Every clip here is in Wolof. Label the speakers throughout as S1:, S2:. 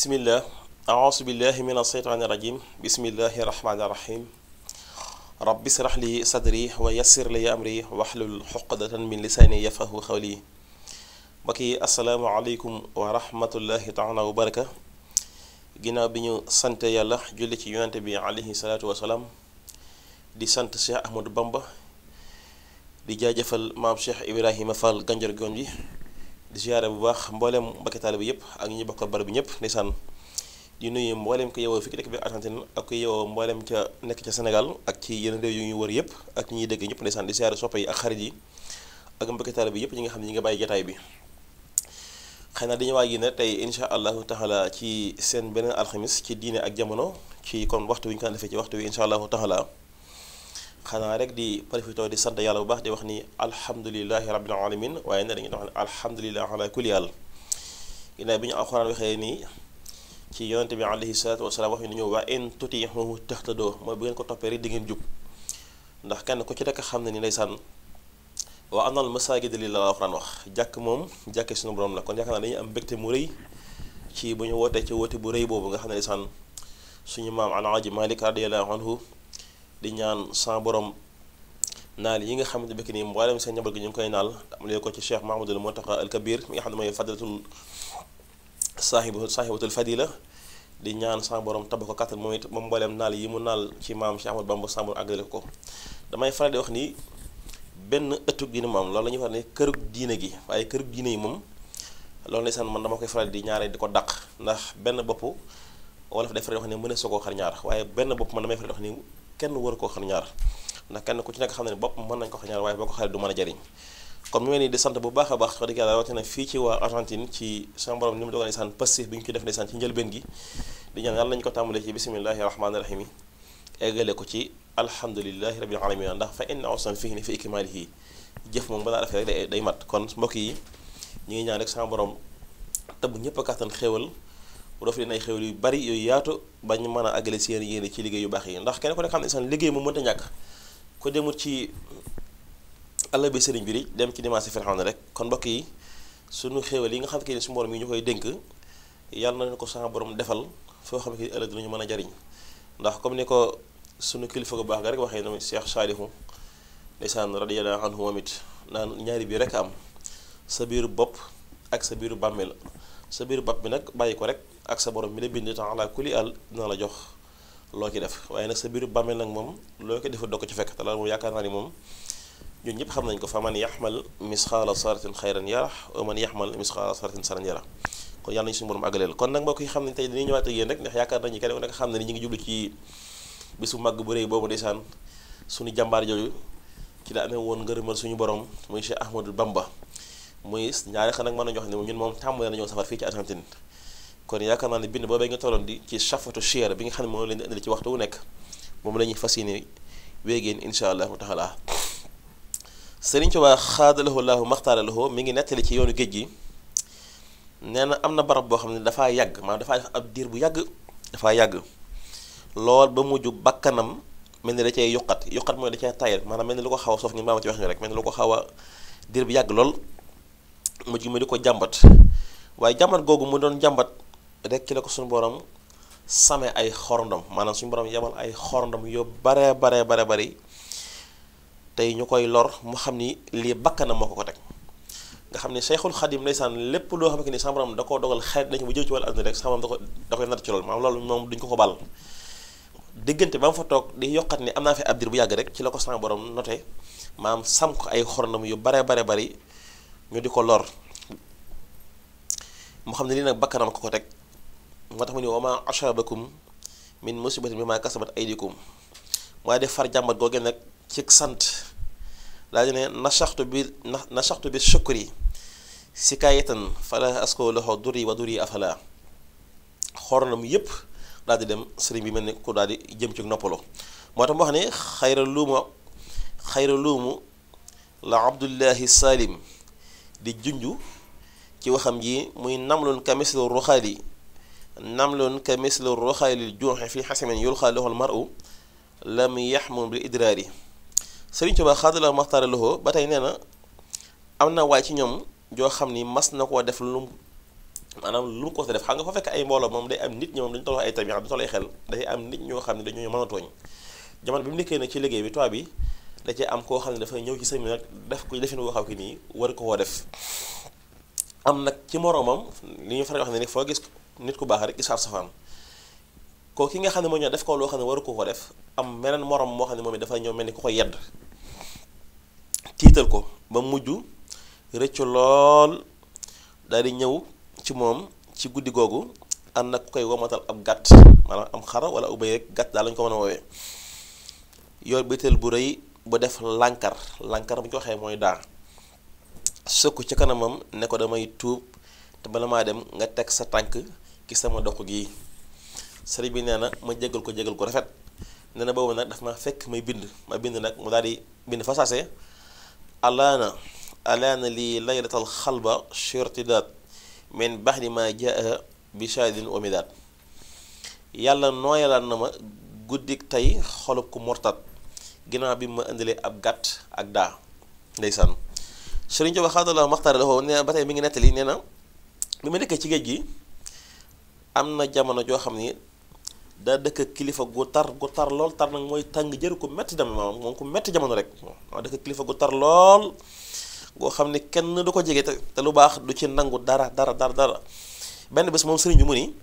S1: bismillah aousu billahi min alsheytaani irajim bismillahi irrahmaani irrahim rabbi israh li sadri wa yassir li amri waxlul xuqdatan min lisaani yafahu xawli mbokk yi asalaamualeykum wa rahmatullahi taala wa baraka ginnaaw bi ñu sante yàlla julli ci yonante bi aleyhi salaatu wasalaam di sant Cheikh Ahmadou Bamba di jaajëfal maam Cheikh Ibrahima Fall Gandior Gon di ziare bu baax mbooleem mbokki bi yëpp ak ñi ñu bokkal barab bi ñëpp ndeysaan di nuyu mboolem ko yewoo fii dëkk bi Argentine ak ko yewoo mboolem ca nekk ca Sénégal ak ci yeneen réew yu ñu wër yëpp ak ñi ñuy dégg ñëpp ndeysaan di ziare sopp yi ak xarit yi ak mbokki taalibe bi yëpp ñi nga xam ne ñi nga bàyyi jataay bi xëy na dañu waaj ne tey insha allahu taala ci seen beneen alxamis ci diine ak jamono ci kon waxtu wi ñu ko defee ci waxtu wi xanaa rek di profité di sant yàlla bu baax di wax ni alhamdulilahi rabbil alamin waaye ne dañuy wax ne alhamdulilah ala kulli yàlla ginnaaw bi ñu alxuraan waxee nii ci yonente bi alayhi salatu wasalaam wax ñu dañu waa in tutiihu tahtadoo mooy bu ngeen ko toppee rek di ngeen jub ndax kenn ku ci rekk xam ne ni ndeysaan waa anal masaajida lillaah la alxuraan wax jàkk moom jàkke suñu borom la kon yaakaar naa dañuy am mbégte mu rëy ci bu ñu wootee ci woote bu rëy boobu nga xam ne ndeysaan suñu maam alaaji di ñaan san borom naal yi nga xamante bekk nii mboolem seen njaboot gi ñu ngi koy naal ko ci cheikh mahamadul muntaqa al kabir mi nga xam ne mooy fadilatul saahibu saahibatul fadila di ñaan sans borom tabax ko kattan moom moom mbooleem naal yi mu naal ci maam cheikh ahmad bamba sans borom ko damay faral di wax ni benn gi diine moom lool la ñuy wax ne kërug diine gi waaye kërug diine yi moom loolu ndeysaan man dama koy faral di ñaare di ko dàq ndax benn bopp wala fa defaree wax ne mën soo koo xar ñaar waaye benn bopp man damay faral di wax ni kenn war koo xar ndax kenn ku ci nekk xam ne bopp mën nañ ko xar ñaar waaye boo ko xaree du mën a jariñ kon mu mel ni di sant bu baax a baax wax dëgg yàlla rawatina fii ci waa Argentine ci sama borom ni mu dogal ndeysaan passif bi ñu ci def ndeysaan ci njëlbeen gi di ñaan yàlla nañu ko tàmbalee ci bisimillahi rahmaani rahim yi eggale ko ci alhamdulilahi rabbil alamin ndax fa inna awsan fihi ni fi ikmaalihi jëf moom balaa rafet rek day mat kon mbokk yi ngi ñaan rek sama borom tëbb ñëpp a kàttan xéewal bu doof leen ay xewal yu bari yooyu yaatu bañ mën a àggale seen ci liggéey yu baax yi ndax kenn ku nekk xam ne san liggéey moom mënta ñàkk ko demul ci àll bi sëriñ bi dem ci dimanche Firawna rek kon mbokk yi suñu xéewal yi nga xam ne suñu borom yi ñu koy dénk yàlla na ko sama borom defal foo xam ne ëllëg dinañu mën a jariñ ndax comme ni ko suñu kilifa gu baax ga rek waxee na Cheikh Saalihu ndeysaan radiyallahu anhu moom it naan ñaari bi rek am sa biiru bopp ak sa biiru bàmmeel sa biiru bopp bi nag bàyyi ko rek ak sa borom mi la bind temps ala la jox loo ci def waaye nag sa biiru bàmmeel nag moom loo ko defee doo ko ci fekk te loolu moom yaakaar naa ni moom ñun ñëpp xam nañ ko fa man yaxmal misxaala saratin xayran yara wa man yaxmal misxaala saratin saran yara kon yàlla nañu suñu borom àggaleel kon nag mbokk yi xam nañ tey dañuy ñëwaat ak yéen rek ndax yaakaar nañu kenn ku nekk xam na ni ñu ngi jublu ci bisu màgg bu rëy boobu ndeysaan suñu jàmbaar jooju ci la amee suñu borom muy Cheikh Ahmadou Bamba muy ñaari xan nag mën nañu wax ne ñun moom tàmm nañoo safar fii ci Argentine kon yaakaar naa ne bind boobee nga tolloon di ci safatu chère bi nga xam ne moom lañu indil ci waxtu wu nekk moom la ñuy fas yéene wéegeen incha allahu taala Sëriñ Tuubaa xaadalahu laahu maxtaara mi ngi nettali ci yoonu géej gi nee na am na barab boo xam ne dafaa yàgg maanaam dafaa def ab diir bu yàgg dafaa yàgg lool ba mujj bakkanam mel ni da cee yuqat yuqat mooy da cee tayal maanaam mel ni lu ko xaw a soof ni maama ci wax ni rek mel ni lu ko xawa diir bu yàgg lool mujj mi di ko jàmbat waaye jàmbat googu mu doon jàmbat rek ci la ko suñu borom same ay xorndom maanaam suñu borom yebal ay xorndom yu baree baree bare bari tey ñu koy lor mu xam ni lii bakkanam moo ko ko teg nga xam ni Cheikhul Khadim ndeysaan lépp loo xamante ni sama borom da koo dogal xeet nañu bu jëm ci wàllu àdduna rek sama borom ko da koy nar ci loolu loolu moom duñ ko ko bàll diggante ba mu toog di yokkat ni am naa fi ab diir bu yàgg rek ci la ko sama borom noté maam sam ko ay xorndam yu baree bare bari ñu di ko lor mu xam ne lii nag bakkanam ko ko teg moo tax mu ne wa maa asabakum min musibatin bi maa kasabat aydikum waaye def far jàmbat googee nag ci sant daa di ne nasaxtu bi nasaxtu bi sukri sikaayatan fala loxo duri wa duri afala xornam yépp daal di dem sëriñ bi mel ni ku daal di jëm ci noppalu moo tax mu wax ne xayra luuma xayra luumu la abdullahi salim di junju ci waxam ji muy namlun kamislu ruxaali namlun ka mislu roxaylil juuxe fi xasimin yulxaa lahu almaru lam yaxmun bi idraari Sëriñ Tuubaa xaadala maxtaara loxo ba tey nee na am na waay ci ñoom joo xam ni mas na koo def lu maanaam lu mu ko def xam nga fa fekk ay mbooloo moom day am nit ñoom dañu tolloo ay tabiya dañu tolloo ay xel day am nit ñoo xam ne dañoo mën a tooñ jamono bi mu nekkee nag ci liggéey bi toit bi da cee am koo xam ne dafay ñëw ci sëñ bi nag def ko defin woo nii war ko koo def am nag ci moroomam li ñu faral wax ne foo gis nit ku baax rek isaar safaan ko ki nga xam ne moo ñëw def ko loo xam ne waru ko ko def am meneen morom moo xam ne moom it dafa ñëw ku ko yedd ko ba mujj rëccu lool daal di ñëw ci moom ci guddi googu ànd ak ku koy womatal ab gàtt maanaam am xara wala ubay rek gàtt daal lañu ko mën a woowee yor biteel bu rëy bu def lànkar lànkar bu ñu ko mooy daa sukk ci kanamam ne ko damay tuub te bala maa dem nga teg sa tànk ci sama dox gi sëriñ bi nee na ma jégal ko jégal ko rafet nee na boobu nag daf ma fekk may bind ma bind nag mu daal bind fa saase alaana alaana lii laylatal xalba shirtidaat min baxdi ma jaa bi shaadin omidaat yàlla nooyalaan na ma guddik tey xolub ku mortat ginnaaw bi ma indilee ab gàtt ak daa ndeysaan sëriñ Tuubaa xaadalaahu maxtaar la nee ba tey mi ngi nettali nee bi ma nekkee ci géej gi am na jamono joo xam ni daa dëkk kilifa gu tar gu tar lool tar nag mooy tàng jër ku metti dem moom moom ku metti jamono rek waaw dëkk kilifa gu tar lool goo xam ni kenn du ko jege te lu baax du ci nangu dara dara dara dara benn bés moom sëriñ bi mu ni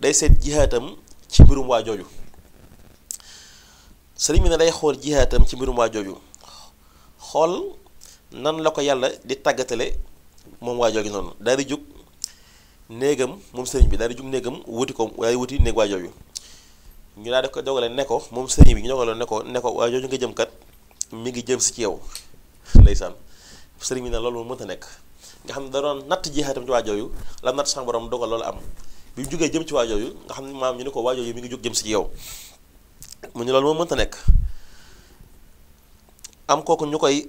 S1: day seet jihaatam ci mbirum waa jooju sëriñ bi ne day xool jihaatam ci mbirum waa jooju xool nan la ko yàlla di tàggatale moom waa jooju noonu daal di jóg néegam moom sëriñ bi daal di jug néegam wuti ko waaye di wuti néeg waa jooju ñu daal di ko dogale nekko moom sëriñ bi ñu dogaloon nekko ko ne nga jëm kat mi ngi jëm si ci yow ndeysaan sëriñ bi nag loolu moom mënta nekk nga xam ne da doon natt jeexatam ci waa jooju la natt sax borom dogal loolu am bi mu jugee jëm ci waa jooju nga xam ne maam ñu ne ko waa jooju mi ngi jóg jëm si ci yow mu ñu loolu moom mënta nekk am kooku ñu koy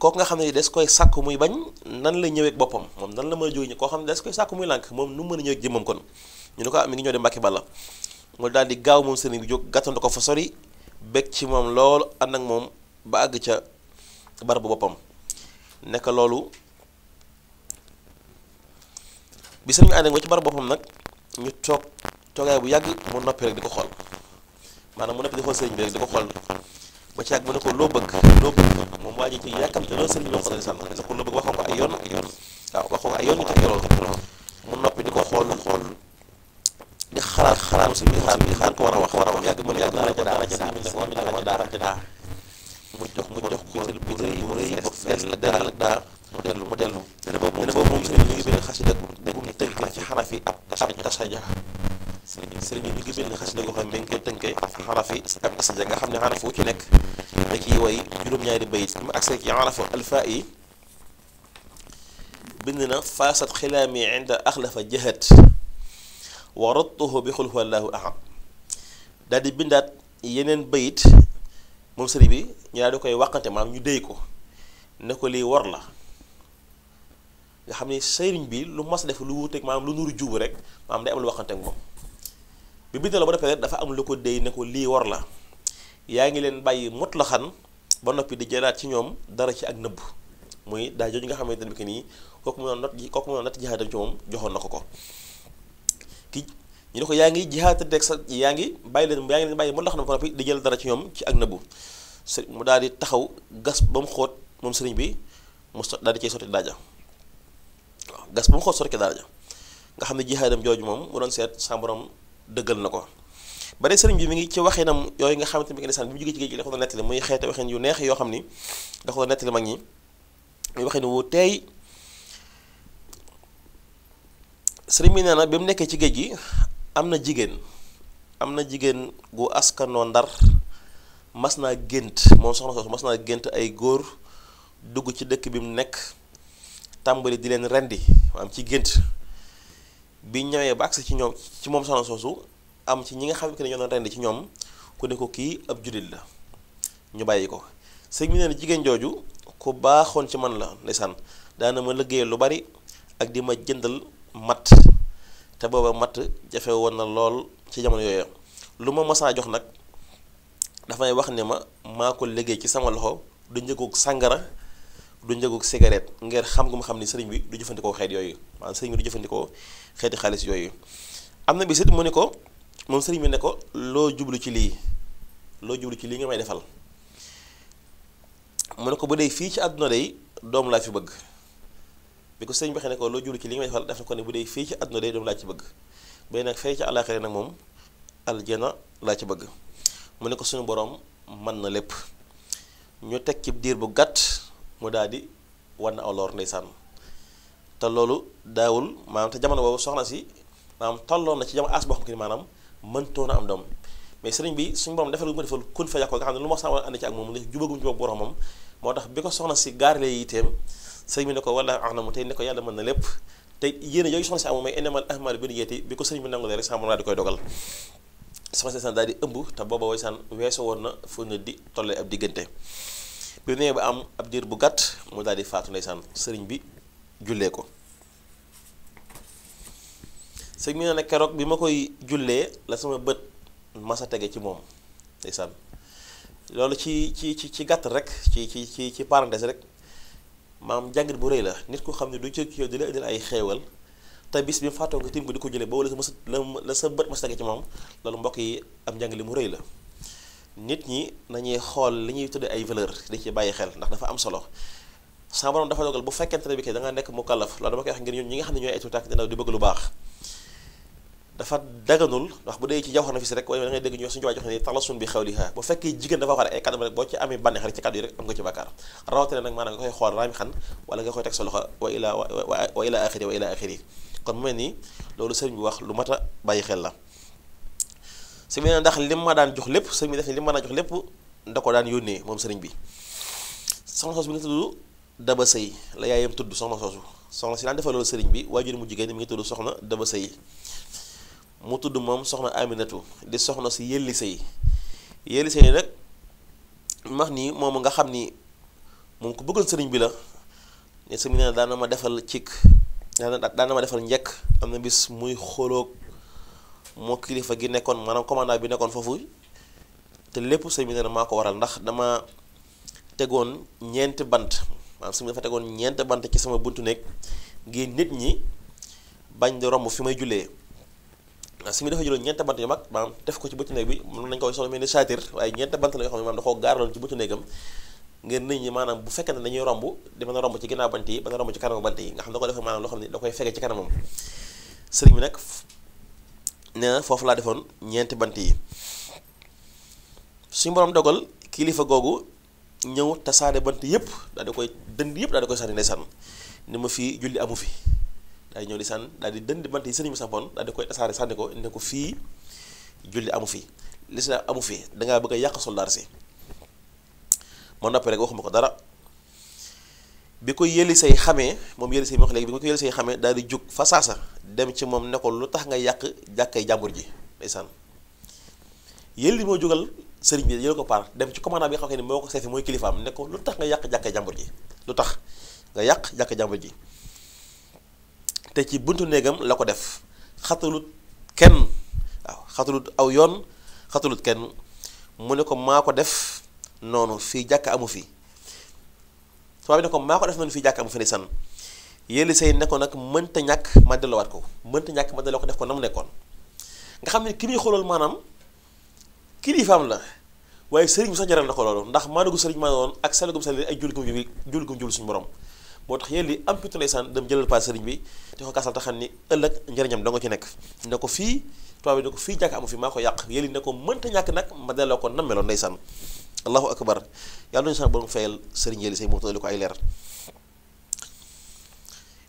S1: kooku nga xam ne des koy sàkk muy bañ nan la ñëweeg boppam moom nan la mën a jóge ñi koo xam ne des koy sàkk muy lànk moom nu mu mën a ñëweeg jëmmam kon ñu ne ko ah, mi ngi ñëw de Mbàkke Balla mu daal di gaaw moom sëriñ bi jóg gàttandu ko fa sori bég ci moom loolu ànd ak moom ba àgg ca barabu boppam nekk loolu bi sëriñ bi ànd moom ci barabu boppam nag ñu toog toogaay bu yàgg mu noppi rek di ko xool maanaam mu noppi di xool sëriñ bi rek di ko xool ba ci yàgg mu ne ko loo bëgg loo bëgg moom waa ji ci yàkkamte loolu sëñ bi doon sallallahu alayhi wasallam ne ko loo bëgg waxoon ko ay yoon ay yoon ñu ko xool xool di xalaat xalaat suñu xaar di xaar ko war a wax war a wax yàgg mu ne yàgg daara ca daara ca daara ca daara mu jox mu jox ko jël bu rëy rëy bu fees la daal ak daal mu dellu mu dellu ne boobu moom sëñ bi ñu ngi benn xasida ci xaraf ab tasaja sëriñ bi mi ngi bind xasida goo xam ne mi ngi koy tënkee xaraf yi ak asida nga xam ne xaraf wu ci nekk da ci woy juróom-ñaari bayit mu agsee ci xarafu yi bind na faasat xilaami inda axlafa jahat wa rattuhu bi xul huwallaahu ahad di bindaat yeneen bayit moom sëriñ bi ñu daal di koy wàqante maam ñu déy ko ne ko lii war la nga xam ne sëriñ bi lu mas def lu wuuteeg maanaam lu nuru juubu rek maam day am lu waxante ak moom bi bind la ba noppee rek dafa am lu ko déy ne ko lii war la yaa ngi leen bàyyi mot la xan ba noppi di jëlaat ci ñoom dara ci ak nëbb muy daaj jooju nga xamante ne bi que nii kooku mu noon not kooku mu noon natt jihaadam moom joxoon na ko ko yaa ngi jihaatante ak sa yaa ngi bàyyi leen yaa ngi leen bàyyi mot la xan ba di jël dara ci ñoom ci ak nëbb sëriñ mu daal di taxaw gas ba mu xóot moom sëriñ bi mu so daal di cay sotti daaja waaw gas ba nga xam ne jihaadam jooju moom mu doon seet sa borom dëggal na ko ba sëriñ bi mu ngi ci waxinam yooyu nga xamante ni ndeysaan bi mu jógee ci géej gi da ko doon yu neex yoo xam ni da ko doon mag ñi muy waxin wu teey sëriñ bi nee na bi mu nekkee ci géej gi am na jigéen am na jigéen gu askanoo ndar mas naa gént moom soxna soosu mas naa gént ay góor dugg ci dëkk bi mu nekk tàmbali di leen rendi am ci gént bi ñëwee ba agsi ci ñoom ci moom soxna soosu am ci ñi nga xam ne ñoo doon rend ci ñoom ku ne ko kii ab jullit la ñu bàyyi ko sëñ na jigéen jooju ku baaxoon ci man la ndeysaan daana ma liggéeyal lu bari ak di ma jëndal matt te booba matt jafe woon na lool ci jamono yooyu lu ma masaa jox nag dafay wax ne ma maa ko liggéey ci sama loxo du njëgu sàngara du njëgu cigarette ngir xam nga mu xam ni sëriñ bi du jëfandikoo xeet yooyu maanaam sëriñ bi du jëfandikoo xeeti xaalis yooyu am na bi bisit mu ne ko moom sëriñ bi ne ko loo jublu ci lii loo jublu ci lii nga may defal mu ne ko bu dee fii ci àdduna day doom laa ci bëgg bi ko sëriñ bi waxee ne ko loo jublu ci li nga may defal ne bu dee fii ci àdduna day laa ci bëgg bay nag fay ci àllaaxira nag moom aljana laa ci bëgg mu ne ko suñu boroom mën na lépp ñu teg ci diir bu gàtt mu daal di wan na aw lor ndeysaan te loolu daawul maanaam te jamono boobu soxna si maanaam tolloon na ci jamono as boo xam ne maanaam mëntoon a am doom mais sëriñ bi suñu borom defal lu mu defal kun fa yàqoo xam ne lu ma sax war a ànd ci ak moom li jubagum jubag boromam moo tax bi ko soxna si gaarale yiteem sëriñ bi ne ko wala ax na mu ne ko yàlla mën na lépp te yéen a yooyu soxna si amoon may innamal ahmaalu bin niyyati bi ko sëriñ bi nangulee rek sama daal di koy dogal soxna si san daal di ëmb te booba way san weesoo woon na fu nit di tollee ab diggante bi am ab diir bu gàtt mu daal di faatu ndeysaan sëriñ bi jullee ko sëñ bi ne keroog bi ma koy jullee la sama bët sa tege ci moom ndeysaan loolu ci ci ci ci gàtt rek ci ci ci ci parenthèse rek maam jàngit bu rëy la nit ku xam ne du ci yow di la indil ay xéewal te bis bi mu fàttoo nga tim ko di ko jëlee boobu la sa la sa bët masa tege ci moom loolu mbokk yi am njàng li mu rëy la nit ñi nañuy xool li ñuy tudde ay valeur di ci bàyyi xel ndax dafa am solo sama borom dafa dogal bu fekkente ne bi kay da nga nekk mu kàllaf loolu dama koy wax ngir ñun ñi nga xam ne ñooy ay tuutàkk dinaw di bëgg lu baax dafa daganul ndax bu dee ci jawxar na fi si rek waaye da ngay dégg ñu suñu jox ne talasun bi xawliha bu fekkee jigéen dafa waxaat ay kàddu rek boo ci amee bànneex rek ci kàddu yi rek am nga ci bàkkaar rawatina nag maanaam nga koy xool raami xan wala nga koy teg sa loxo wax lu mat a bàyyi xel la sëñ ndax li ma daan jox lépp sëñ bi def ne lim ma daan jox lépp ko daan yónnee moom seriñ bi soxna soosu Daba Sëy la yaayam tudd soxna soosu si daan defal loolu sëriñ bi waajur mu jigéen mi ngi tudd soxna Daba Sëy mu tudd moom soxna Aminatu di soxna si Yelli Sëy Yelli Sëy nag max nii moom nga xam ni moom ku bëggoon sëriñ bi la ne sëriñ bi nee na daan na ma defal cik daan na ma defal njekk am na bis muy xoloog moo kilifa gi nekkoon maanaam commandant bi nekkoon foofu te lépp sëñ bi nee na maa ko waral ndax dama tegoon ñeenti bant maanaam sëñ bi dafa tegoon ñeent bant ci sama buntu nekk ngir nit ñi bañ di romb fi may jullee waaw sëñ bi dafa jëloon ñeenti bant yu mag maanaam def ko ci buntu néeg bi mën nañ koy solo mel ni saatir waaye ñeenti bant la xam ne maanaam da gaaraloon ci buntu néegam ngir nit ñi maanaam bu fekkente ne dañuy romb di mën a romb ci ginnaaw bant yi mën a romb ci kanamu bant yi nga xam ne da ko defee maanaam loo xam ne da koy fege ci kanamam sëriñ nee foofu laa defoon ñeenti bant yi suñu borom dogal kilifa googu ñëw tasaare bant yëpp daal di koy dënd yëpp daal di koy sànni ndeysaan ni ma fii julli amu fi daal di ñëw di sànn daal di dënd bant yi sëriñ bi sampoon daal di koy tasaare sànni ko ne ko fii julli amu fi lislaam amu fi dangaa bëgg a yàq soldaar si ma noppi waxuma ko dara bi ko yelli say xamee moom Yélisey bi wax léegi bi ko Yélisey xamee daal di jug fa saasa dem ci moom nekkoon lu tax nga yàq jàkkay jàmbur ji ndeysaan Yéli moo jógal sëriñ bi jël ko par dem ci commandant bi nga xam ne moo ko seefi mooy kilifaam ne ko lu tax nga yàq jàkkay jàmbur ji lu tax nga yàq jàkkay jàmbur ji te ci buntu néegam la ko def xatalut kenn waaw xatalut aw yoon xatalut kenn mu ne ko maa ko def noonu fii jàkk amu fi. tubaab bi ne ko maa ko def noonu fii jàkka mu fi say ne ko nag mënta ñàkk ma delluwaat ko mënta ñàkk ma delloo ko def ko na mu nekkoon nga xam ne ki muy xoolal maanaam kilifaam la waaye sëriñ bi sax jaral na ko loolu ndax maanaam sëriñ maa woon ak salagum sali ay jullit gum jullit jullit gum jullit borom moo tax yéen li amputé ndeysaan dem jëlal paas sëriñ bi te ko kasal te xam ni ëllëg njëriñam da nga ci nekk ne ko fii tubaab bi fii jàkk amu fi maa ko yàq yéen ne ko mënta ñàkk nag ma delloo ko nammeloon ndeysaan allahu akbar yàlla nañu sax mu fayal sëriñ Yelli Sey moom tollu ko ay leer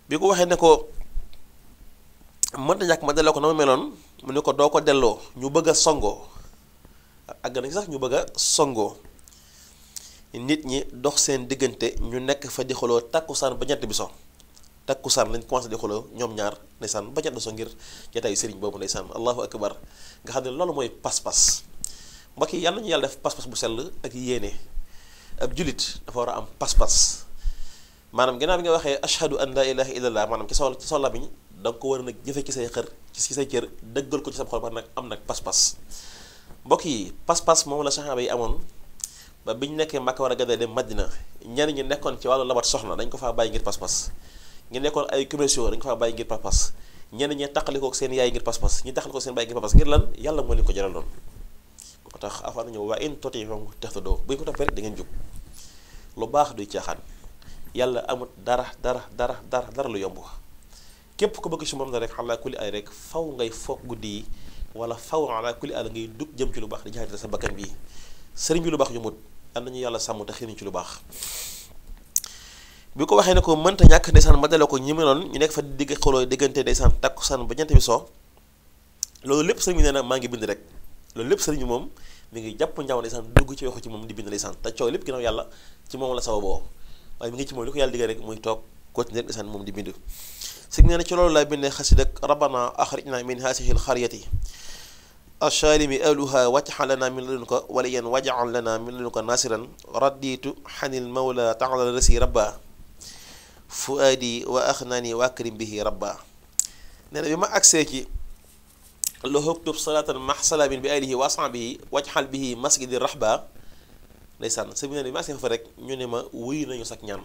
S1: bi ko waxee ne ko mënta ñàkk ma delloo ko na ma meloon mu ne ko doo ko delloo ñu bëgg a songoo àgg na sax ñu bëgg a songoo nit ñi dox seen diggante ñu nekk fa di xoloo takkusaan ba ñett bi so takkusaan lañ commencé di xoloo ñoom ñaar ndeysaan ba ñett bi so ngir jataayu sëriñ boobu ndeysaan allahu akbar nga xam ne loolu mooy pas-pas mbokk yi yàlla ñu yàlla def pas-pas bu sell ak yéene ab julit dafa war a am pas-pas maanaam ginnaaw bi nga waxee ashhadu an la ilaha illallah maanaam ci sol ci sol làmmiñ ko war a nag jëfee ci say xër ci say cër ko ci sa xol ba nag am nag pas-pas mbokk yi pas-pas moom la saxaaba yi a gadee dem nekkoon ci wàllu labat ko faa bàyyi ngir pas-pas ñu nekkoon ay commerciaux dañ ko faa bàyyi ngir pas-pas ñenn ñi taqali ko seen ko seen bàyyi ngir pas-pas ngir lan yàlla tax afaan ñëw waa in tuti'uhu tahtadu bu ñu ko toppee rek da ngeen jub lu baax duy caaxaan yàlla amut dara dara dara dara dara lu yomb képp ku bëgg si moom na rek ala kulli ay rek faw ngay foog guddi wala faw ala kulli ay ngay dugg jëm ci lu baax di jaxate sa bakkan bii sëriñ bi lu baax yomut am ñu yàlla sàmm te xiiriñ ci lu baax bi ko waxee ne ko mënta ñàkk ndeysaan ma dale ko ñi meloon ñu nekk fa digg xoloo diggante ndeysaan takkusaan ba jant bi soo loolu lépp sëriñ bi nee na maa ngi bind rek loolu lépp sëriñ bi moom mi ngi jàpp njaw ndeysaan dugg ci waxu ci moom di bind ndeysaan te coow lépp ginnaaw yàlla ci moom la sababoo waaye mi ngi ci moom li ko yàlla digal rek muy toog continuer ndeysaan moom di bind sëñ nee na ci loolu laa bindee xasida ak rabbana axrijna min haasihi alxaryati alcaalimi ahluha waj'al lana min ladunka waliyan waj'al lana min nasiran raditu xanil mawla taala rasi rabba fuaadi wa axnaani wa akrim bihi rabba nee bi ma agsee ci lahu uktub salaatan max salaamin bi alihi wa asxaabihi wajxal bihi masjidi rahba ndeysaan sëñ bi ne bi ma fa rek ñu ne ma wuyu nañu sax ñaan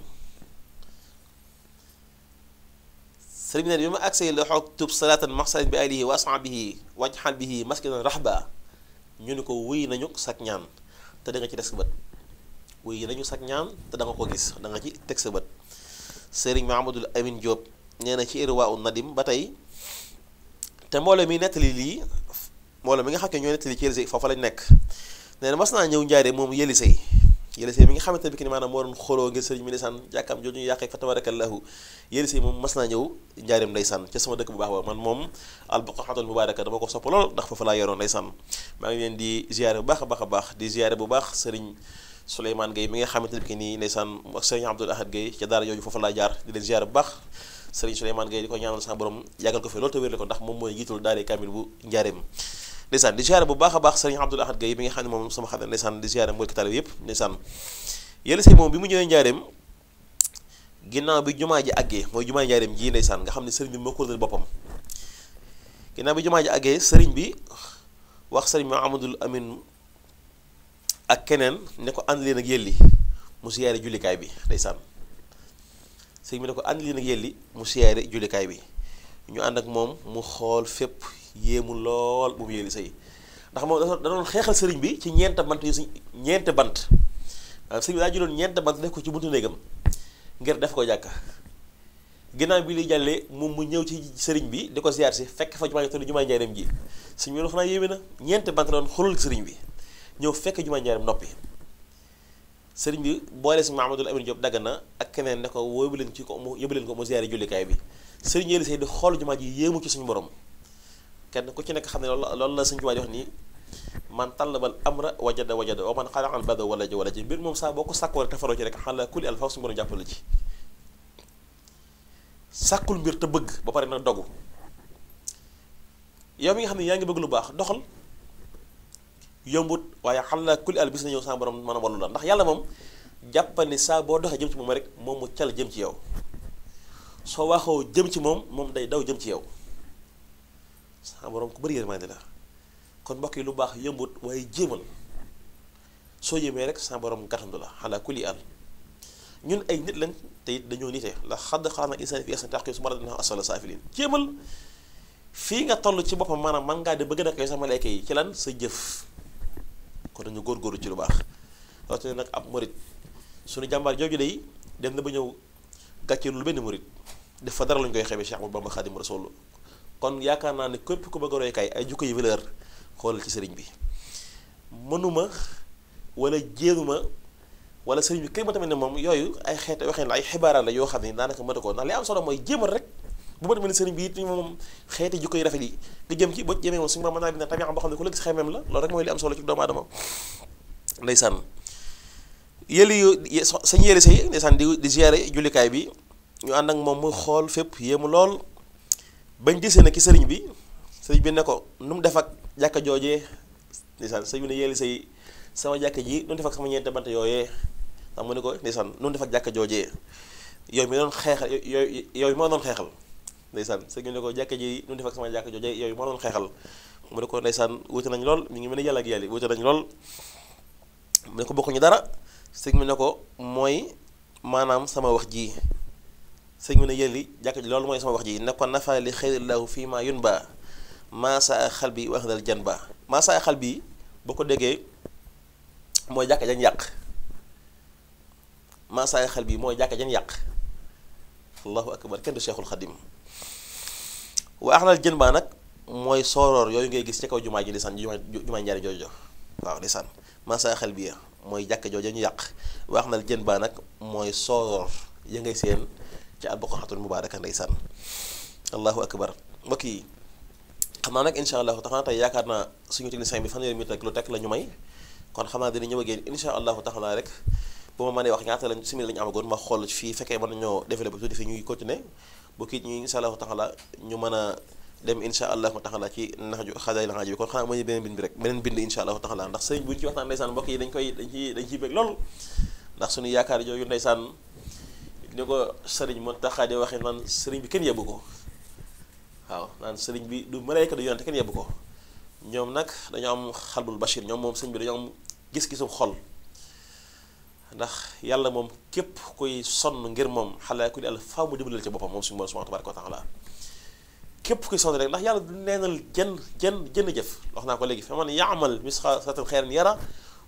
S1: sëñ bi ne bi ma agsee lahu uktub salaatan max bi alihi wa asxaabihi wajxal bihi masjidan rahba ñu ne ko wuyu nañu sax ñaan te da nga ci des bët wuyu nañu sax ñaan te da nga ko ci teg sa bët Serigne Mahamadul Amin Diop nee na ci Irwaa Nadim ba tey. te mboole mi nettali lii mbooloo mi nga xam ne ñoo nettali ci Yelisey foofa lañ nekk nee mas naa ñëw njaaree moom Yelisey Yelisey mi nga xamante ne bi maanaam moo doon xoloo ngir sëriñ bi ndeysaan jàkkaam jooju ñu yàqee fa tabarakallahu Yelisey moom mas naa ñëw njaareem ndeysaan ca sama dëkk bu baax ba man moom albuqaatul mubaraka dama ko sopp lool ndax foofa laa yoroon ndeysaan maa ngi leen di ziare bu baax a baax a baax di ziare bu baax sëriñ Souleymane Gueye mi nga xamante ne bi nii ndeysaan ak sëriñ Abdoul Ahad Gueye ca daara jooju foofa laa jaar di leen ziare bu baax Serigne Souleymane Gueye di ko ñaanal sa borom yàggal ko fi loolu te wér la ko ndax moom mooy jiitul daare kamil bu njaareem ndeysaan di ziare bu baax a baax Serigne Abdoul Ahad Gueye bi nga xam ne moom sama xam ne ndeysaan di ziare mbokki taalibe bi mu ñëwee njaareem bi jumaa ji àggee mooy jumaa njaareem ji ndeysaan nga xam ne sëriñ bi moo ko boppam bi jumaa ji àggee sëriñ bi wax sëriñ Mahamadul Amin ak keneen ne ko ànd leen ak yëlli mu siyaare jullikaay bi ndeysaan sëñ bi ne ko ànd li nag yelli mu siyaare jullikaay bi ñu ànd ak moom mu xool fépp yéemu lool moom yelli sëy ndax moom da doon xeexal sëriñ bi ci ñeent bant yu si ñeent bant sëriñ bi daa jëloon ñeent bant def ko ci buntu néegam ngir def ko jàkka ginnaaw bi li jàllee moom mu ñëw ci sëriñ bi di ko ziar si fekk fa jumaa ji tudd jumaa ji sëriñ bi loolu fanaa yéeme na ñeent bant la doon xoolal sëriñ bi ñëw fekk jumaa njaareem noppi sëriñ bi boole si Mamadou Amine Diop dagg na ak keneen ne ko yóbbu leen ci ko mu yóbbu leen ko mu ziyaare jullikaay bi sëriñ Yelli Sey di xool jumaa ji yéemu ci suñu borom kenn ku ci nekk xam ne loolu loolu la suñu jumaa ji wax nii man tallabal amra wajada wajada wa man xalaxal bada wala ji wala ji mbir moom saa boo ko sàkkoore te faroo ci rek xala kuli àl faw suñu borom jàppale ci sàkkul mbir te bëgg ba pare nag dogu yow mi nga xam ne yaa ngi bëgg lu baax doxal yombut waaye xam naa kulli al bis na ñëw sa borom mën a wallu la ndax yàlla moom jàppal ni saa boo jëm ci moom rek moom mu cal jëm ci yow soo waxoo jëm ci moom moom day daw jëm ci yow sa borom ku bëri yërmande la kon lu baax yombut waaye jéemal soo yéemee rek sa borom gàttandu la xalaa kulli al ñun ay nit lañ te it dañoo nite la xadd xalaat na insaan fi ihsan taqi su la dina asala jéemal fii nga toll ci boppam maanaam man ngaa de bëgg na koy sa malaayka yi ci lan sa jëf kon dañu góorgóorlu ci lu baax waxte nag ab morit suñu jàmbaar jooju day dem na ba ñëw gàccee lu benn morit def fa dara lañ koy xamee Cheikh Ahmadou Bamba Khadim solo kon yaakaar naa ne képp ku bëgg a roykaay ay jukko yu valeur xoolal ci sëriñ bi mënuma wala jéemuma wala sëriñ bi kay ma tamit ne moom yooyu ay xeet waxee la ay xibaara la yoo xam ne daanaka mënu ko ndax li am solo mooy jéemal rek bu bët mel ni sëriñ bi it moom xeeti jikko yi rafet yi nga jëm ci boo jëmee moom suñu borom mën naa bi ne tamit am boo xam ne ku la gis xemeem la loolu rek mooy li am solo ci doomu aadama ndeysaan yëli yu sañ yëli say ndeysaan di di gérer jullikaay bi ñu ànd ak moom muy xool fépp yéemu lool bañ gisee na ki sëriñ bi sëriñ bi ne ko nu mu def ak jàkka joojee ndeysaan sëriñ bi ne yëli say sama jàkka ji nu mu def ak sama ñeente bant yooyee xam mu ne ko ndeysaan nu mu def ak jàkka joojee yow mi doon xeexal yow yow mi ma doon xeexal ndeysaan sëgg bi ne ko jàkka ji nu def ak sama jàkka jooju yooyu moo doon xeexal mu ne ko ndeysaan wute nañ lool mi ngi mel ni yàlla ak yàlla wuute nañ lool mu ne ko bokk ñu dara sëñ bi ne ko mooy maanaam sama wax ji sëñ bi ne yëli jàkka ji loolu mooy sama wax ji ne ko nafa li xayrillahu fii ma yun ba maasaa xal bi wax dal jan ba maasaa xal bi boo ko déggee mooy jàkka jañ yàq maasaa xal bi mooy jàkka jañ yàq allahu akbar kenn du cheikhul xadim wa axlal jën baa nag mooy sooroor yooyu ngay gis ci kaw jumaa ji di san jumaa jumaa njaari joojo waaw di san masa xel bi mooy jàkk jooja ñu yàq wa axlal jën baa nag mooy sooroor ya ngay seen ci albuqaatul mubaaraka ndeysaan allahu akbar mbokk yi xam naa nag incha allahu taxala tey yaakaar naa suñu technicien bi fanweeri minute rek lu teg la ñu may kon xam naa dina ñëw a génn incha allahu taxala rek bu ma mënee wax ñaata lañ simili la ñu amagoon ma xool fii fekkee mën nañoo développé tuuti fi ñuy continuer bu kii ñu insha allahu taala ñu mën a dem insha tax taala ci naxju xajaay naxaaj bi kon xanaa mooy beneen bind bi rek beneen bind insha tax taala ndax sëriñ bu ñu ci waxtaan ndeysaan mbokk yi dañ koy dañ ciy dañ ciy bëgg lool ndax suñu yaakaar jooju ndeysaan ni ko sëriñ Muntaxa di waxee naan sëriñ bi kenn yebbu ko waaw naan sëriñ bi du malayka du yonante kenn yebbu ko ñoom nag dañoo am xalbul bashir ñoom moom sëriñ bi dañoo am gis-gisum xol ndax yàlla moom képp kuy sonn ngir moom xale ku di àll faaw mu dimbalal ci boppam moom suñu borom subhanahu tabaraka wa taala képp kuy sonn rek ndax yàlla du neenal jën jën jën jëf wax naa ko léegi fa man yaamal misxaara satan xeeran yara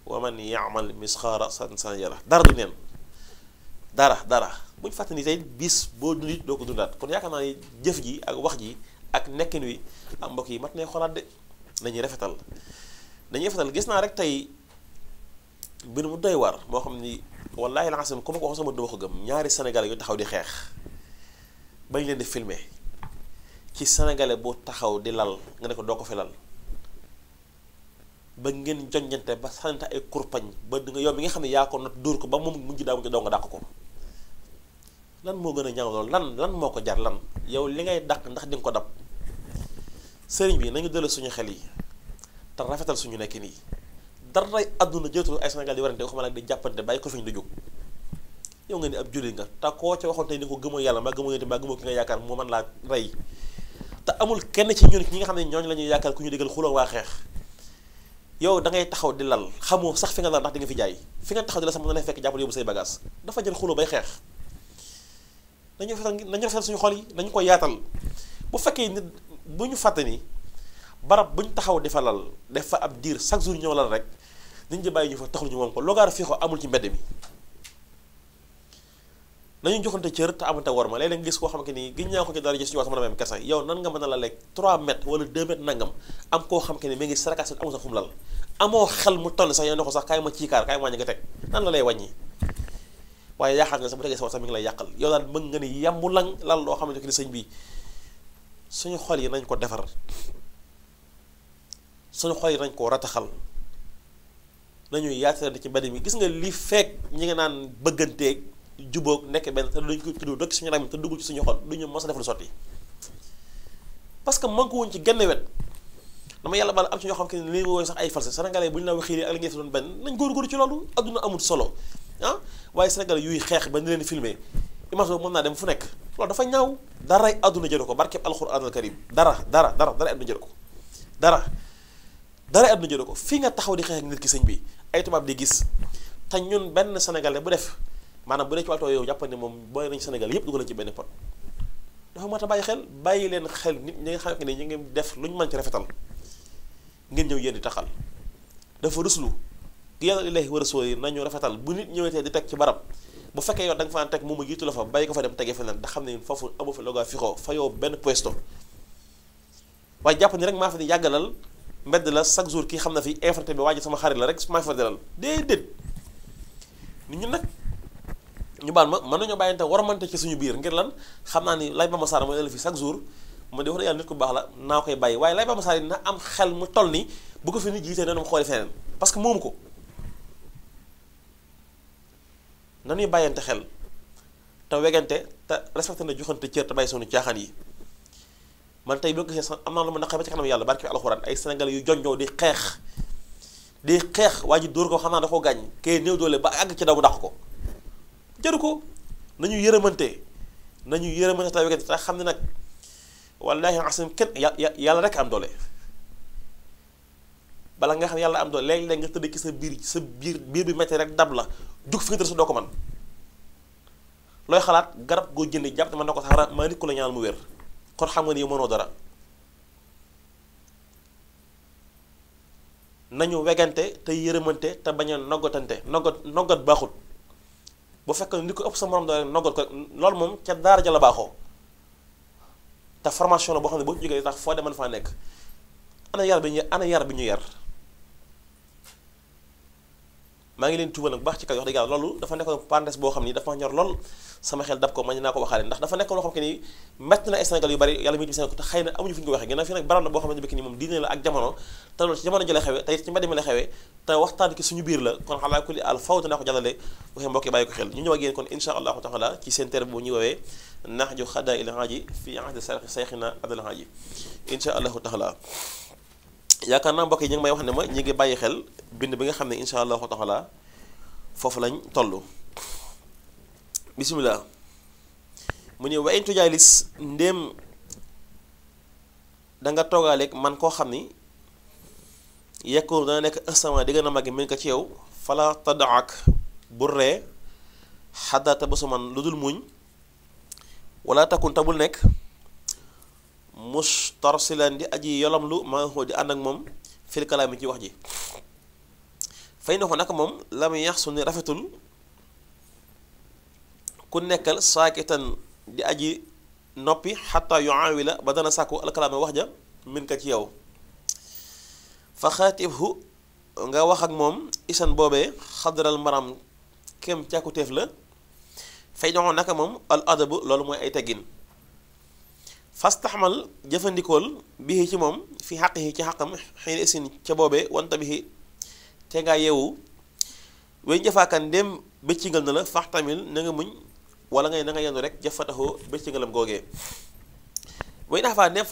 S1: wa man yaamal misxaara satan san yara dara du neen dara dara buñ fàttani ni tey bis boo dundit doo ko dundaat kon yaakaar naa jëf ji ak wax ji ak nekkin wi ak mbokk yi mat ne xoolaat de nañuy rafetal nañuy rafetal gis naa rek mbir mu doy war moo xam ni wallaahi la xam ma ko ko gëm ñaari sénégalais yu taxaw di xeex bañ leen di filmer ci sénégalais bu taxaw di lal nga ne ko doo ko fi lal ba ngeen jonjante ba sànnante ay kurpañ ba di nga yow mi nga xam ne yaa ko not dóor ko ba moom mujj daa mujj doo nga dàq ko lan moo gën a ñaaw loolu lan lan moo ko jar lan yow li ngay dàq ndax di nga ko dab sëriñ bi nañu delloo suñu xel yi te rafetal suñu nekkin yi daray àdduna jëtul ay Sénégal di warante waxuma la di jàppante bàyyi ko fi ñu di jóg yow nga ni ab nga te koo ca waxoon tey ni ko yàlla mbaa gëmoo yonent mbaa gëmoo ki nga yaakaar amul kenn ci ñun ñi nga xam ne ñooñu la ñuy yaakaar ku ñu digal xuloo xeex yow da ngay taxaw di lal xamoo sax fi nga lal ndax di nga fi jaay fi nga taxaw di lal sax mën na fekk jàppal yóbbu say bagage dafa jël xuloo bay xeex nañu rafetal nañu rafetal suñu xol yi nañu ko yaatal bu fekkee nit bu ñu fàtte ni barab bu taxaw di fa lal def fa ab diir chaque jour ñëw lal rek nit ñi bàyyi ñu fa taxul ñu moom ko logaar fii ko amul ci mbedd mi nañu joxante cër te amante war ma léeg-léeg gis koo xam ne ni gis ñaa ko ci dara gis ñu wax nga mën a la lekk 3 mètres wala 2 mètres koo xam ne mi ngi sarakaas amul sax fu mu lal amoo xel mu tonn sax yow ne ko sax kaay ma ciikaar kaay ma wàññi nga teg nan lay wàññi waaye yàqal nga sax bu tegee sa sax mi ngi lay yàqal yow daal mën nga ni yàmmu lang lal loo xamante ni sëñ bi suñu xol yi nañ ko defar suñu xol yi nañ koo rataxal nañuy yaatalante ci mbedd mi gis nga li fekk ñi nga naan bëgganteeg jubóog nekk benn te duñ ko tudd dëkk suñu ram te duggul ci suñu xol ñu mos a def lu sotti parce que man ko wuñ ci genn wet dama yàlla bala am ci ñoo xam ne lii mooy sax ay falsé sénégalais bu ñu la waxee ak li ngeen fi doon benn nañ góorgóorlu ci loolu adduna amul solo ah waaye sénégalais yuy xeex ba ni leen filmé image boobu mën naa dem fu nekk loolu dafa ñaaw daray adduna jëru ko barkeb alquran al karim dara dara dara daray adduna jëru ko dara daray adduna jëru ko fii nga taxaw di xeex ak ki sëñ bi ay tubaab di gis te ñun benn sénégalais bu def maanaam bu dee ci wàllu yow jàpp ne moom booy nañ sénégal yépp dugal nañ ci benn pot dafa moo tax bàyyi xel bàyyi leen xel nit ñi nga xam ne ñu ngi def lu ñu mën ci rafetal ngeen ñëw yéen di taxal dafa ruslu yàlla ilaahi wa rasuuli nañu rafetal bu nit ñëwetee di teg ci barab bu fekkee yow da nga faa teg moom a jiitu la fa bàyyi ko fa dem tegee feneen da xam ne foofu amu fi logo fi xoo fa yow benn puesto waaye jàpp ni rek maa fi di yàggalal mbedd la chaque jour kii xam na fi infraté bi waaji sama xarit la rek maa fa dalal déedéet nit ñun nag ñu baal ma mën nañoo bàyyante warmante ci suñu biir ngir lan xam naa ni lay ba ma saar mooy la fi chaque jour ma di wax yàlla nit ku baax la naa koy bàyyi waaye lay ba ma saar yi na am xel mu toll ni bu ko fi nit jiitee noonu ma xooli feneen parce que moomu ko nanuy bàyyante xel te wegante te respecté na joxante cër te bàyyi suñu caaxaan yi man tey boo gisee sax am naa lu ma naqar ba ci kanam yàlla barke bi alxuraan ay sénégalais yu jonjoo xeex waa ji dóor ko xam naa da ko gàññ doole ba àgg ci daw mu dàq ko jaru ko nañu yërëmante nañu yërëmante ta wekante xam ne nag wallahi asim kenn yàlla rek am doole bala nga xam yàlla am doole léeg-léeg nga tëdd ci sa biir sa biir biir bi métti rek dab la jug fi nga tëdd sa doo ko man looy xalaat garab goo jënd jàpp ne man na ko sax maa nit ku la ñaan mu wér kon xam nga ni mënoo dara nañu wegante te yërëmante te bañ a noggatante noggat noggat baaxut bu fekkee li ko ëpp sa morom dara noggat ko loolu moom ca daara ja baaxoo te formation boo xam ne boo jógee tax foo de mën faa nekk ana yar bi ñu ana yar bi ñu yar maa ngi leen tuubal nag bu baax ci kaw wax dëgg yàlla loolu dafa nekkoon parenthèse boo xam ni dafa ñor lool sama xel dab ko mañ naa ko waxaale ndax dafa nekkoon loo xam que na ay Sénégal yu bari yàlla mi ci Sénégal te xëy na waxee ginnaaw fii nag barab la boo xamante ne bekk moom diine la ak jamono te loolu ci jamono ji la te ci mbedd la xewee te waxtaan ki suñu biir la kon xalaa kulli àll faw dinaa ko jàllale waxee mbokki bàyyi ko xel ñu ñëw ak kon insha allahu taala ci seen terre bu ñuy woowee nax ju yaakaar naa mbokk yi ñu ngi may wax ne ma ñu ngi bàyyi xel bind bi nga xam ne incha allahu taala foofu lañ toll bisimilah mu ne wa in tujaalis ndéem da nga man koo xam ni yekkoon dana nekk instant di gën a màgg min ko ci yow fala tadaak bu ree xaddaata bésu lu dul muñ wala takkun tabul nekk mustarsilan di aji yolomlu maa nga xoo di ànd ak moom fil kalaami ci wax ji fay na ko nag moom la muy yax su ni rafetul ku nekkal saakitan di aji noppi xataa yu àawi la ba dana sàkku alkalaami wax ja min ka ci yow fa xaatibhu nga wax ak moom isan boobee xadaral maram kem càkkutéef la fay na ko moom al adabu loolu mooy ay teggin fastaxmal jëfandikool bii ci moom fi xaqihi ci xaqam xëy isin ca boobee wanta bii te nga yeewu weñ jafaakan dem bëccëgal na la faxtamil na nga muñ wala ngay na nga yendu rek jafataxoo bëccëgalam googee weñ dax faa dem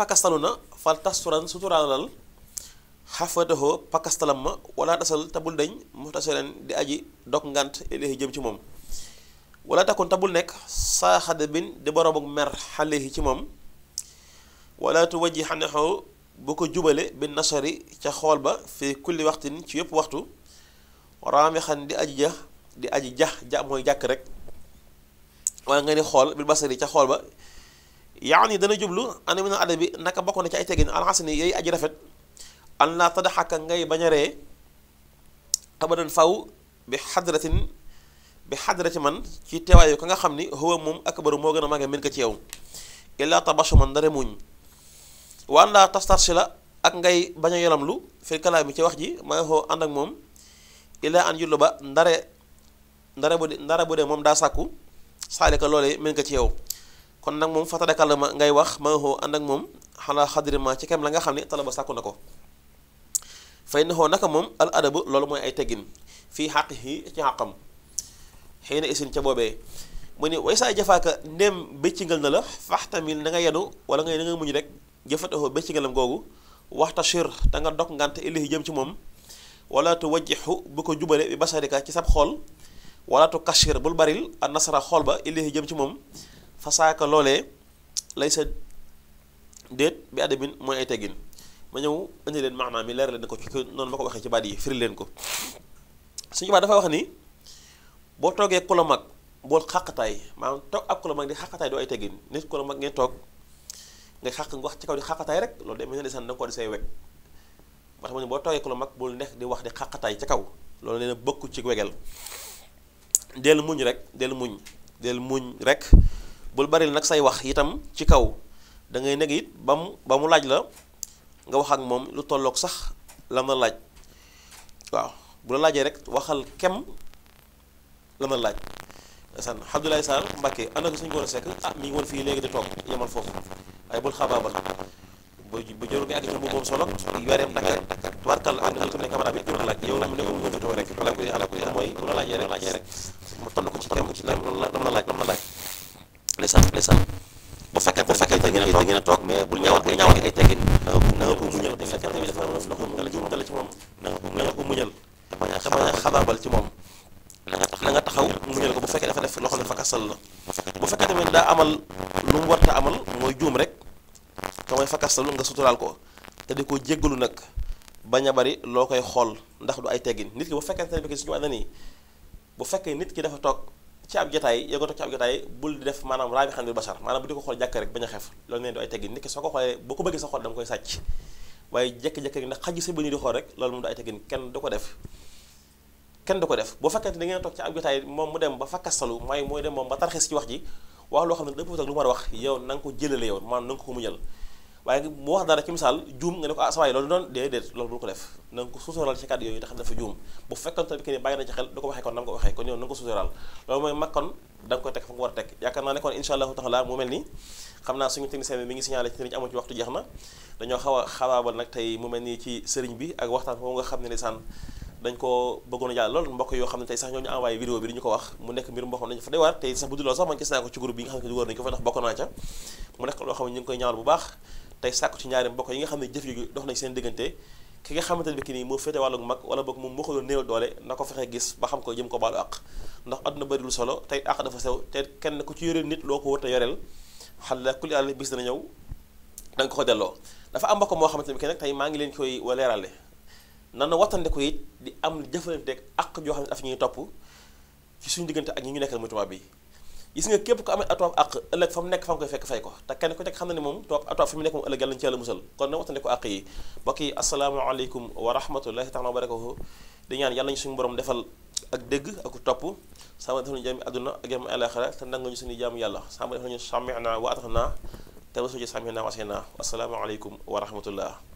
S1: na fal tasturan suturaalal xafataxoo pakastalam ma wala tasal tabul dañ muxtasiran di aji dog ngant ilayhi jëm ci moom wala takun tabul nekk saaxada bin di boroomu mer xale yi ci moom wala tuwajjihanahu bu ko jubale bi nasari ca xool ba fii kulli waxtin ci yëpp waxtu raamixan di aji ja di aji jax ja mooy jàkk rek waaye nga ne xool bil basari ca xool ba yaani dana jublu ana min adab bi naka bokk na ci ay tegin alxasani yay aji rafet an laa tadaxaka ngay bañ a ree faw bi xadratin bi man ci teewaayu ka nga xam ni huwa moom akbaru moo gën a màggee min ko ci yow illaa tabashuman dara muñ waan laa tastarsi la ak ngay bañ a yolam lu fil kalaam yi ci wax ji ma xoo ànd ak moom illaa an jullu ba ndare ndare bu de ndare bu de moom daa sàkku ko loolee mën ko ci yow kon nag moom fatale ma ngay wax ma xoo ànd ak moom xanaa xadirima ci kem la nga xam ne talaba sàkku na ko fay na xoo naka moom al adabu loolu mooy ay teggin fii xàq yi ci xàqam xëy na isin ca boobee mu ne way saa jafaaka ndéem bëccingal na la faxtamil na nga yenu wala ngay na nga rek jëfatahoo bëccëgalam googu waxtashir te nga dog ngante ilayhi jëm ci moom wala tu wajjixu bu ko jubalee bi basarika ci sab xool wala tu kashir bul baril a nasara xool ba ilayhi jëm ci moom fa saaka loolee lay sa déet bi adabin mooy ay teggin ma ñëw indi max maanaam mi leer leen ko ci noonu ma ko waxee ci baat yi firi leen ko suñu baat dafa wax ni boo toogee ku mag boo xàqataay maanaam toog ak ku la mag di xàqataay doo ay teggin nit ku la mag ngeen toog ngay xàq nga wax ci kaw di xaqataay rek loolu day mel ne ndeysaan da nga ko di say weg moo tax ne boo toogee ku la mag bul nekk di wax di xàqataay ca kaw loolu nee na bokku ci wegel del muñ rek del muñ del muñ rek bul bari nag say wax itam ci kaw da ngay nekk it ba mu ba mu laaj la nga wax ak moom lu tollook sax lam la laaj waaw bu la laajee rek waxal kem lam laaj ndeysaan Abdoulaye Sarr Mbacke ana ko suñu ko war a sekk ah mi woon fii léegi di toog yemal foofu waaye bul xabaabal ba ba jëru bi àgg ci bu la laajee rek laajee rek mu tonn ko ci i ci nam la dama a a toog mais bul ñawal ko muñal bu fekkee da nga def na ko muñal xabaabal ci moom fakaasal la bu fekkee tamit daa amal lu mu warta amal mooy juum rek te mooy fakastalu nga suturaal ko te di ko jéggalu nag bañ a bari loo koy xool ndax du ay teggin nit ki bu fekkee ne bi suñu bu fekkee nit ki dafa toog ci ab jotaay yow nga toog ci ab jotaay bul di def maanaam raabi xandil jàkk rek bañ a xef loolu neen du ay teggin nit soo ko xoolee boo ko bëggee sa xool dama koy sàcc waaye jékki-jékki rek ndax xaj si bu ñu di xool rek loolu moom du ay teggin kenn du ko def kenn du ko def boo fekkente da ngeen toog ci ab jotaay moom mu dem ba fa kastalu mooy mooy dem ba tarxis ci wax ji wax loo xam ne dëppoo ak lu war a wax yow na nga ko jëlale yow na nga ko muñal waaye waxee kon yow na ko suusoral loolu mooy mag kon da koy teg fa nga war a teg yaakaar naa ne kon insha allahu mu mel ni xam naa suñu technicien bi mi ngi signalé ci amoon ci waxtu jeex na dañoo xaw xabaabal nag tey mu mel nii ci sëriñ bi ak waxtaan foofu nga xam ne lisaan dañ ko bëggoon a jàll lool mbokk yoo xam ne tey sax ñoo ñu envoyé vidéo bi di ñu ko wax mu nekk mbir moo xam ne dañ fa tey sax bu dul sax man ko ci groupe bi nga xam ne ko ne ñu ngi koy ñaawal bu baax ci ñaari yi nga xam ne jëf yu dox nañ seen diggante ki nga xamante ne bi ki nii moo féete wàllu mag wala boog moom moo ko doon néew doole na ko fexe gis ba xam ko jëm ko baalu àq ndax àdduna bërilu solo tey àq dafa sew te kenn ku ci yoreel nit loo ko wërta yoreel xalla kuli àll bis dana ñëw da nga ko ko delloo dafa am mbokk moo xamante ne bi ki nag maa ngi leen koy leerale nan na wattandiku it di am jëfalante ak àq joo xam ne daf ñuy topp ci suñu diggante ak ñu nekkal muy tubaab bi gis nga képp ko amee atuwaab àq ëllëg fa mu nekk fa mu koy fekk fay ko te kenn ku nekk xam na ne moom tubaab atuwaab fi mu nekk moom ëllëg yàlla ñu ci yàlla musal kon na wattandiku àq yi mbokk yi asalaamaaleykum wa rahmatullahi taala wa barakatuhu di yàlla ñu suñu borom defal ak dégg ak topp sama defal ñu jàmm àdduna ak jàmm àlaxira te nangu ñu suñu jàmm yàlla sama defal ñu sami'na wa ata'na te wasu ci sami'na wa asayna asalaamaaleykum wa rahmatullah